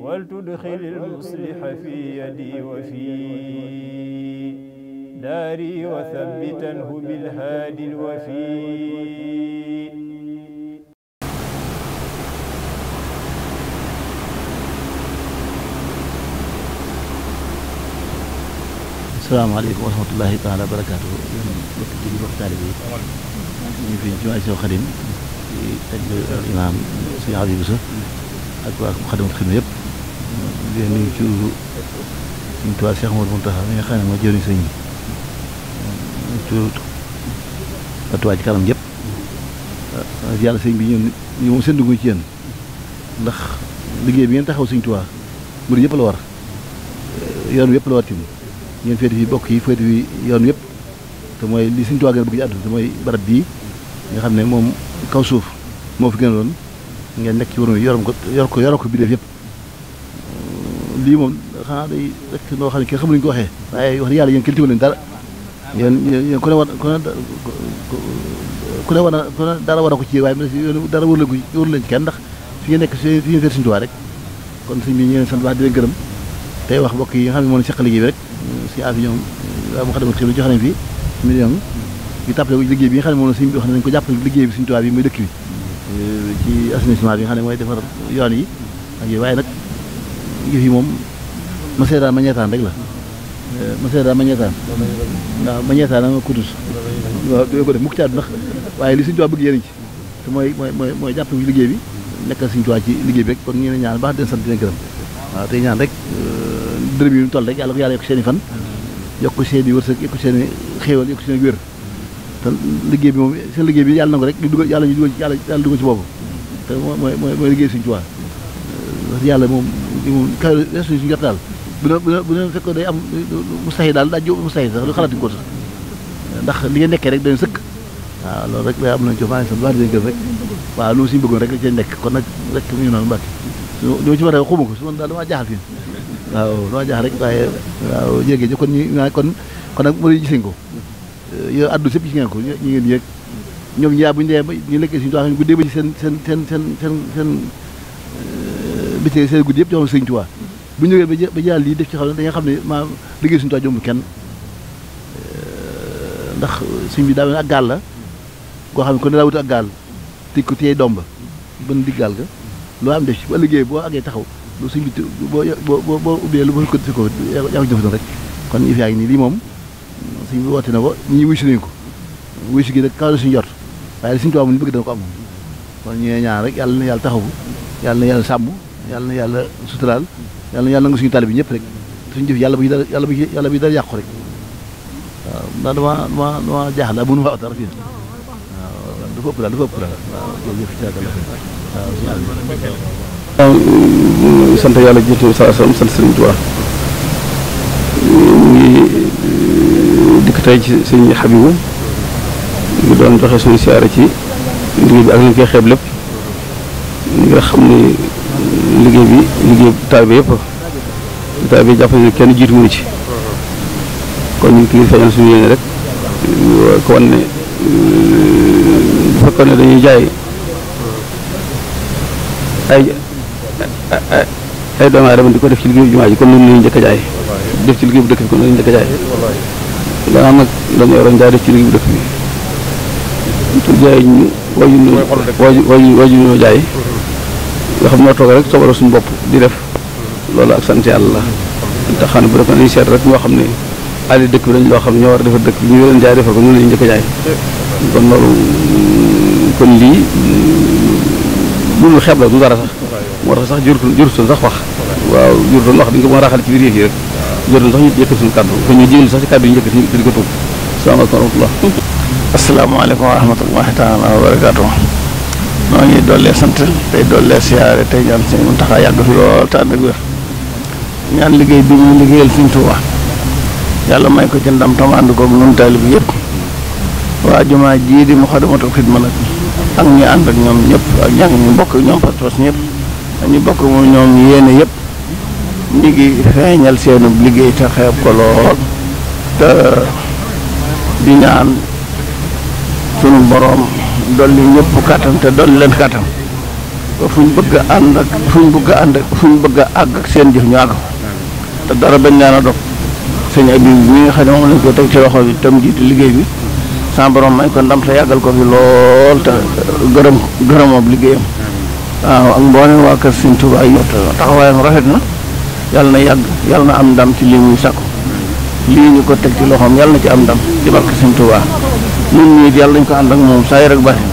ولتدخل المصلح في يدي وفي داري وثبتنه بالهادي الوفي salaamaaleykum wa rahmatullahi taala wa barakaatu yéen mbokki julli mbokki taalibe yi ñu fi ci ay soo xadim ci teg imaam suñu Habib Bousso ak waa Moukhaddamatoul Khidma yëpp di leen ci suñu tubaab Cheikh Modou Mountakha mi nga mooy jëriñ sëñ bi ci Touba yàlla sëñ bi ñun ñu moom ndax liggéey bi ngeen taxaw sëñ Tuubaa murid yëpp la war yoon yëpp la war tim ñeen féeti fi bokk yi féeti fi yoon yëpp te mooy li suñ Tuubaa gën bëgg ci àdduna te mooy barab bii nga xam ne moom kaw suuf moo fi gën a doon ngeen nekk ci waru yorom ko yor ko yoroo ko bi def yëpp lii moom xanaa day rek noo xam ne kenn xamul ko waxee waaye wax dëgg yàlla yéen kenn tiwaleen dara yéen yéen a ku dara war ko ci waaye dara wër la kenn ndax fi ngeen nekk fi ngeen rek kon suñ bi ñu leen sant baax gërëm tey wax mbokk yi nga xam ne moom seq liggéey bi rek suñu affaire ñoom waaw mu xadama xelu fi million yi tàppale ko bi nga xam ne moom wax nañ ko jàppale liggéey bi suñu tuwaa bi muy dëkk bi ci assainissement bi nga xam ne yoon yi waaye nag yëf yi moom ma seetaan ma ñeetaan rek la eh, ma seetaan ma ñeetaan waaw ma ñeetaan a kudus waaw doo ko def mukk ci waaye li suñu tuwaa bëgg yéen ci te mooy mooy mooy mooy jàpp liggéey bi nekkal suñu liggéey bi rek kon ñu ne ñaan baax den sant dina gërëm waaw tey ñaan rek eh, dërëm yi ñu toll rek yàlla ko yàlla yokk seen i fan yokk seen i wërsëg yokk seen xéewal yokk seen i liggéey bi moom seen liggéey bi yàlla na ko rek yàlla ñu dugal yàlla dugal ci boobu te mooy mooy liggéey suñu wax moom moom kaw restu suñu jot am mu saxi daal daa jóg mu saxi ko sax ndax li nga nekkee rek dañ sëkk waaw rek am nañ ci maa ngi sant rek waaw loolu suñu bëggoon rek la ca nekk kon nag rek mu ngi ma ci war a xuma ko su ma daal damaa jaaxal fii waaw rek waaye waaw jéegée ñi kon kon kon nag mënuñu euh, gis ko yow addu sëpp ci ngeen ko ñu ngeen yëg ñoom ñaar bu ñu demee ba ñu lekkee suñu doxalin bu dee ba ci seen seen seen seen seen bitee seen guddi yëpp joxam sëñ Tuubaa bu ñu jógee ba jàll lii def ci xam da nga xam ne maa liggéey sëñ Tuubaa jomb kenn euh, ndax sëñ bi daa mel ak gaal la koo xam ne kon daa wut ak ko di gaal loo am def ci liggéey boo àggee taxaw lu sëñ bi boo boo boo ubbee ko defee rek kon yëf yaa ngi moom sëñ bi woote na ko ñii wuy si nañu ko si gi jot waaye li sëñ Tuubaa moom ñu bëgg dana ko am kon ñu ñaan rek yàlla na yàlla taxawu yàlla na yàlla sàmm yàlla yàlla suturaal yàlla yàlla nga suñu taalibe bi ñëpp rek suñu jëf yàlla bu dara yàlla bu yàlla bu dara yàqu rek waaw fa ëpp daal dafa yàlla waaw waaw sant yàlla jiitu ñu ngi euh, dikk tey ci sëñ Xabibu ñu doon joxe suñu siyaare ci liggéey bi ak li koy xeeb lépp nga xam ni liggéey bi liggéey taalibe yëpp taalibe jàpp ne kenn jiitu wu ci kon ñu ngi ciy suñu yéene rek ko wan ne bu fekkoon ne dañuy jaay ay ay doomu aadama di ko def ci liggéey bu jumaa ji kon noonu la ñuy jaay def ci liggéey bu dëkk bi kon noonu la ñuy jaay gannaaw nag dañu waroon jaay def ci liggéey bu dëkk bi te jaay ñu waju ñu waju waju jaay nga xam ñoo toog rek coobara suñu bopp di def loolu ak sant yàlla la te xam ne bu def nañu seet rek ñoo xam ne ali dëkk bi dañ loo xam ne ñoo war a defar dëkk bi ñu leen jaay defar ko ñu leen njëkk a jaay kon loolu kon lii lu lu xeeb la du dara sax moo tax sax jurutoon jurutoon sax wax waaw jurutoon wax dañ ko mën a raxal ci biir yëf yi rek jurutoon sax ñu yëkkati suñu kàddu kon ñu jégalu sax ci kàddu yi ñu yëkkati di ko tuub salaamaaleykum wa rahmatullah asalaamaaleykum wa rahmatullahi taala wa barakaatuh noo ngi dool sant tey dollee siyaare tey ñaan sëñ Muntaxa yàgg fi lool te ànd ak wér ñaan liggéey bi ñu liggéeyal sëñ Tuuba yàlla may ko ci ndam tam ànd koog nun taalib bi yëpp waa jumaa jii di Muxaddamatul Xidma nag ak ñu ànd ak ñoom ñëpp ak ñàng ñu bokk ñoom pas-pas ñëpp ñu bokk moom ñoom yéene yëpp ñu ngi feeñal seenu liggéey te xeeb ko lool te di ñaan sunu boroom dolli ñépp kàttan te dolli leen kàttan ba fu ñu bëgg a ànd ak fu ñu bëgg ànd ak fu ñu bëgg a àgg ak seen jëf ñu àgg te dara bañ naan a dog sëñ bi mi nga xam ne moom lañ ko teg ci loxo bi tam jiite liggéey bi sans may ko ndam te yàggal ko fi lool te gërëm gërëmoom liggéeyam waaw ak mboolem waa kër Sëñ Tuubaa yi taxawaayam rafet na yàlla na yàgg yal na am ndam ci lii muy sakku lii ñu ko teg ci loxoom yàlla na ci am ndam ci barke Sëñ moom ñuy yàlla dañ ko ànd ak moom saa yër ak bari